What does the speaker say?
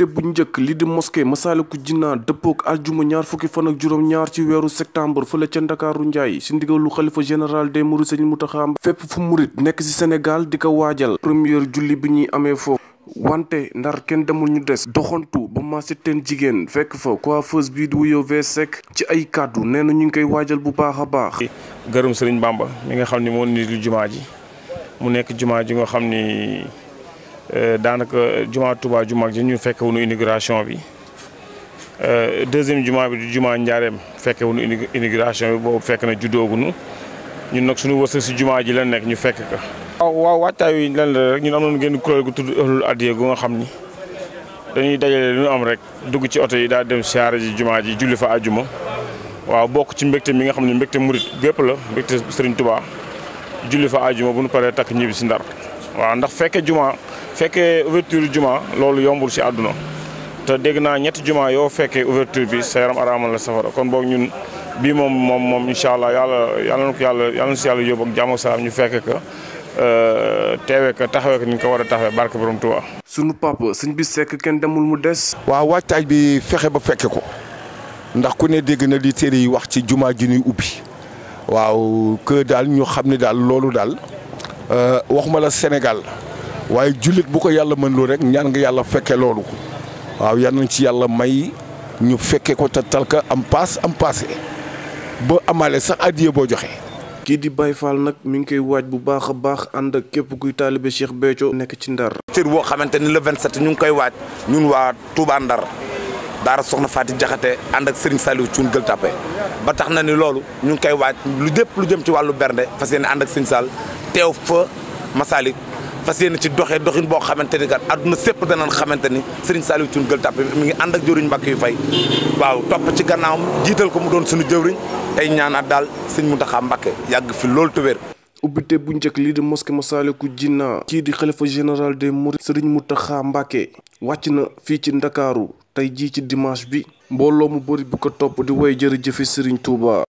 te bu njëkk li di mosquée Massalikul Jinaan dëppook aljuma ñaar fukki fan ak juróom-ñaar ci weeru septembre fële ca Ndakaaru Njaay si ndigalu xalifa général des mourides Serigne Mountakha fépp fu murit nekk si Sénégal di ko waajal première julli bi ñuy amee foofu wante ndar kenn demul ñu des doxantu ba marché teen jigéen fekk fa coiffeuse bii di wuyoo Vsec ci ay kàddu nee na ñu ngi koy waajal bu baax a baax. gërëm Serigne Bamba mi nga xam ni moo nit jumaa ji mu nekk jumaa ji nga xam Euh, daanaka jumaa Touba ju mag ji ñu fekkee wuñu inauguration bi euh, deuxième jumaa bi di jumaa Njaareem fekke wuñu inigration bi boobu fekk na juddooguñu ñun nag suñu wërsëg si jumaa ji la nekk ñu fekk ka waaw waaw waajtaay lan la rek ñun am nañu génn kuréel gu tudd ëllul addiya gu nga xam ni dañuy dajale lu ñu am rek dugg ci oto yi daal dem siyaare ji jumaa ji julli fa ajuma waaw bokk ci mbégte mi nga xam ne mbégte murit gépp la mbégte Serigne Touba julli fa àjjuma bu ñu takk ñibbi si ndar fekkee ouverture jumaa loolu yombul si àdduna te dégg naa ñetti juma yoo fekkee ouverture bi sa yaram araamal la safara kon boo ñun bii moom moom moom incha allah yàlla yàlla ko yàlla yàlla na si yàlla yóbbu ak jàmm ak salaam ñu fekke ko euh, teewee ko taxawee ko ni ñu ko war a taxawee barke borom Tuuba. sunu papa sëñ bi sekk kenn demul mu des. waaw waajtaay bi fexe ba fekke ko ndax ku ne dégg na li téere yi wax ci jumaa ji ñuy ubbi waaw que daal ñu xam ne daal loolu daal euh, waxuma la Sénégal. waaye jullit bu ko yàlla mën loo rek ñaan ngi yàlla fekke loolu waaw yal nañ ci yàlla may ñu fekke ko te talka am paas am paase boo amaalee sax addiye boo joxe. kii di Baye Fall nag mi ngi koy waaj bu baax baax ànd ak képp kuy taalibe Cheikh Béthio nekk ci Ndar. cër boo xamante ni le 27 ñu ngi koy waaj ñun waa Touba Ndar Daara Soxna Faati Jaxate ànd ak Serigne Saliou Thioune Gueule Tapée ba tax na ni loolu ñu ngi koy waaj lu lépp lu jëm ci wàllu bernde fas yéene ànd ak Serigne fas yéene ci doxee doxin boo xamante ni kat àdduna sépp danañ xamante ni Serigne Saliou Thioune Gueule Tapée mi ngi ànd ak jëwriñ mbàkk yu fay waaw topp ci gannaawam jiital ko mu doon suñu jëwriñ tey ñaanaat daal sëñ Mountakha Mbacké yàgg fi loolu tubéer ubbite bu njëkk lii di mosquée Massalikul Jinaan kii di xalifa général des mourides mu Mountakha Mbacké wàcc na fii ci ndakaaru tey jii ci dimanche bi mbooloo mu bëri bu ko topp di woy jërëjëfe Serigne Touba